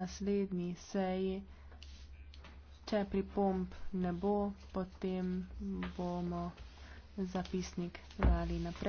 naslednji seji. Če pripomb ne bo, potem bomo zapisnik dali naprej.